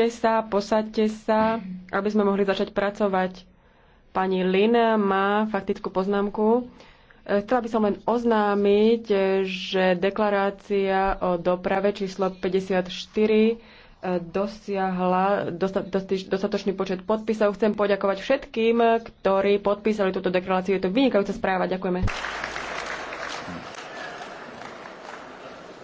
Posaďte sa, posaďte sa, aby sme mohli začať pracovať. Pani Lin má faktickú poznámku. E, chcela by som len oznámiť, e, že deklarácia o doprave číslo 54 e, dosiahla dostatočný počet podpisov. Chcem poďakovať všetkým, ktorí podpísali túto deklaráciu. Je to vynikajúca správa. Ďakujeme.